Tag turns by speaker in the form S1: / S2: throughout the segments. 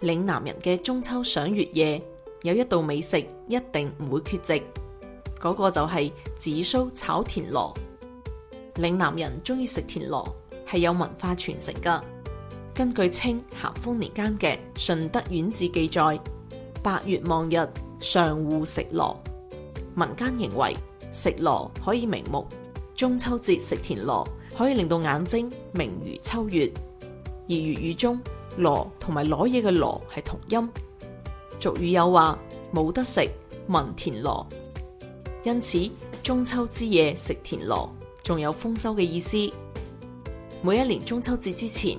S1: 嶺南人嘅中秋賞月夜，有一道美食一定唔會缺席，嗰個就係紫蘇炒田螺。嶺南人中意食田螺，係有文化傳承噶。根據清咸豐年間嘅順德縣志記載，八月望日尚芋食螺，民間認為食螺可以明目，中秋節食田螺可以令到眼睛明如秋月，而粵語中，螺同埋攞嘢嘅螺係同音，俗語有話冇得食問田螺，因此中秋之夜食田螺仲有豐收嘅意思。每一年中秋節之前，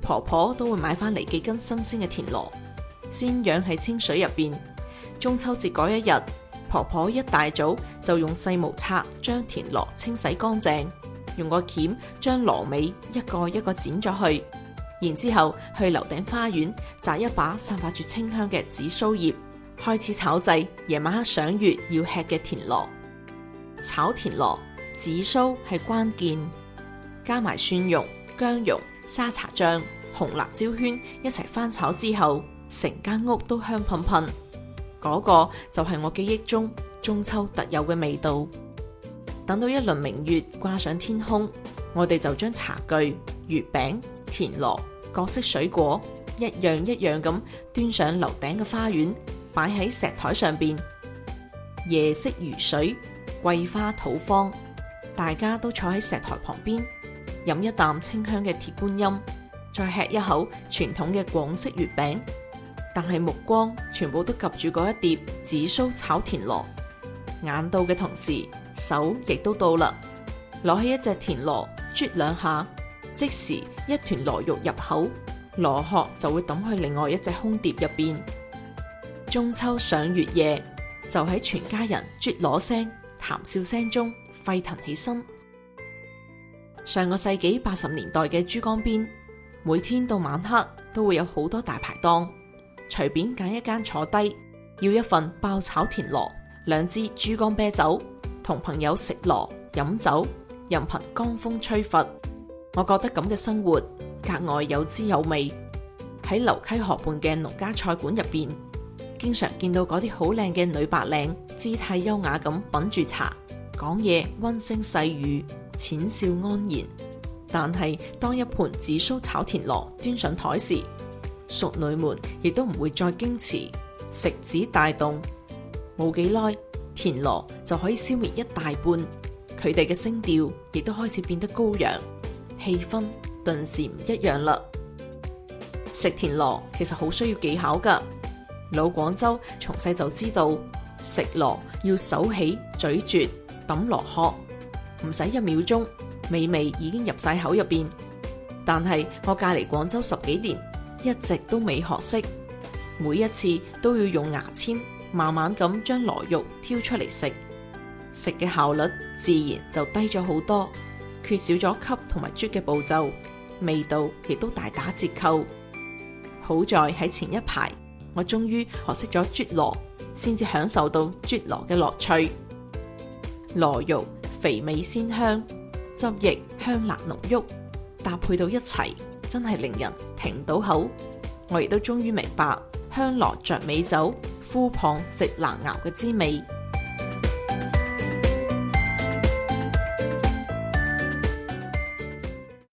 S1: 婆婆都會買翻嚟幾斤新鮮嘅田螺，先養喺清水入邊。中秋節嗰一日，婆婆一大早就用細毛刷將田螺清洗乾淨，用個鉗將螺尾一個一個，一個剪咗去。然之後去樓頂花園摘一把散發住清香嘅紫蘇葉，開始炒製夜晚黑賞月要吃嘅田螺。炒田螺，紫蘇係關鍵，加埋蒜蓉、薑蓉、沙茶醬、紅辣椒圈一齊翻炒之後，成間屋都香噴噴。嗰個就係我記憶中中秋特有嘅味道。等到一輪明月掛上天空，我哋就將茶具、月餅、田螺、各式水果，一樣一樣咁端上樓頂嘅花園，擺喺石台上邊。夜色如水，桂花吐芳，大家都坐喺石台旁邊，飲一啖清香嘅鐵觀音，再吃一口傳統嘅廣式月餅。但係目光全部都及住嗰一碟紫蘇炒田螺，眼到嘅同時，手亦都到啦，攞起一隻田螺，啜兩下。即時一團螺肉入口，螺殼就會抌去另外一隻空碟入邊。中秋賞月夜，就喺全家人啜螺聲、談笑聲中沸騰起身。上個世紀八十年代嘅珠江邊，每天到晚黑都會有好多大排檔，隨便揀一間坐低，要一份爆炒田螺，兩支珠江啤酒，同朋友食螺、飲酒，任憑江風吹拂。我覺得咁嘅生活格外有滋有味。喺流溪河畔嘅農家菜館入邊，經常見到嗰啲好靚嘅女白領，姿態優雅咁品住茶，講嘢温聲細語，淺笑安然。但係當一盤紫蘇炒田螺端上台時，淑女們亦都唔會再矜持，食指大動，冇幾耐，田螺就可以消滅一大半。佢哋嘅聲調亦都開始變得高揚。氣氛頓時唔一樣啦！食田螺其實好需要技巧噶老廣州從細就知道食螺要手起咀嚼、抌螺殼，唔使一秒鐘，美味已經入晒口入邊。但係我嫁嚟廣州十幾年，一直都未學識，每一次都要用牙簽慢慢咁將螺肉挑出嚟食，食嘅效率自然就低咗好多。缺少咗吸同埋啜嘅步驟，味道亦都大打折扣。好在喺前一排，我終於學識咗啜螺，先至享受到啜螺嘅樂趣。螺肉肥美鮮香，汁液香辣濃郁，搭配到一齊，真係令人停唔到口。我亦都終於明白香螺酌美酒，枯蚌藉蘭殽嘅滋味。